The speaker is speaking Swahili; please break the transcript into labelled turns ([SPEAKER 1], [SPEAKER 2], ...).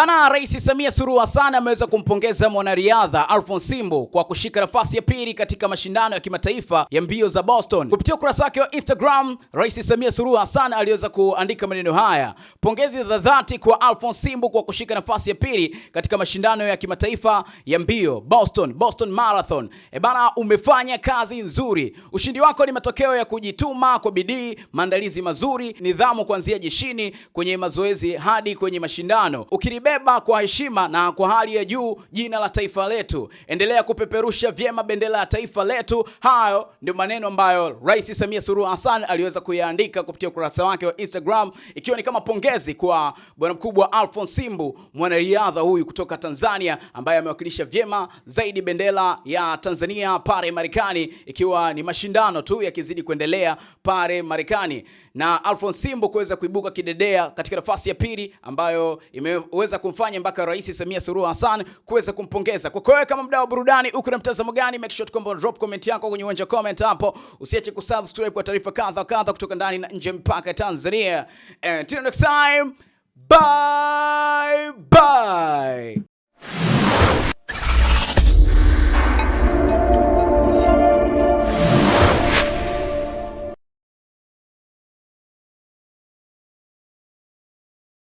[SPEAKER 1] Bana, Rais Samia Suluhu Hassan ameweza kumpongeza mwanariadha Alphonce Simbo kwa kushika nafasi ya pili katika mashindano ya kimataifa ya mbio za Boston. Kupitia ukurasa wake wa Instagram, Rais Samia Suluhu Hassan aliweza kuandika maneno haya: pongezi za dhati kwa Alphonce Simbo kwa kushika nafasi ya pili katika mashindano ya kimataifa ya mbio Boston, Boston Marathon. E bana, umefanya kazi nzuri. Ushindi wako ni matokeo ya kujituma kwa bidii, maandalizi mazuri, nidhamu kuanzia jeshini, kwenye mazoezi hadi kwenye mashindano Ukiribe kulibeba kwa heshima na kwa hali ya juu jina la taifa letu. Endelea kupeperusha vyema bendera ya taifa letu. Hayo ndio maneno ambayo Rais Samia Suluhu Hassan aliweza kuyaandika kupitia ukurasa wake wa Instagram, ikiwa ni kama pongezi kwa bwana mkubwa Alphonce Simbu, mwanariadha huyu kutoka Tanzania ambaye amewakilisha vyema zaidi bendera ya Tanzania pale Marekani, ikiwa ni mashindano tu yakizidi kuendelea pale Marekani na Alphonce Simbu kuweza kuibuka kidedea katika nafasi ya pili ambayo imeweza kuweza kumfanya mpaka Rais Samia Suluhu Hassan kuweza kumpongeza. Kwa kweli kama mdau wa burudani, uko na mtazamo gani? Make sure tukombo drop comment yako kwenye uwanja comment hapo. Usiache kusubscribe kwa taarifa kadha kadha kutoka ndani na nje mpaka Tanzania. Until next time, bye bye.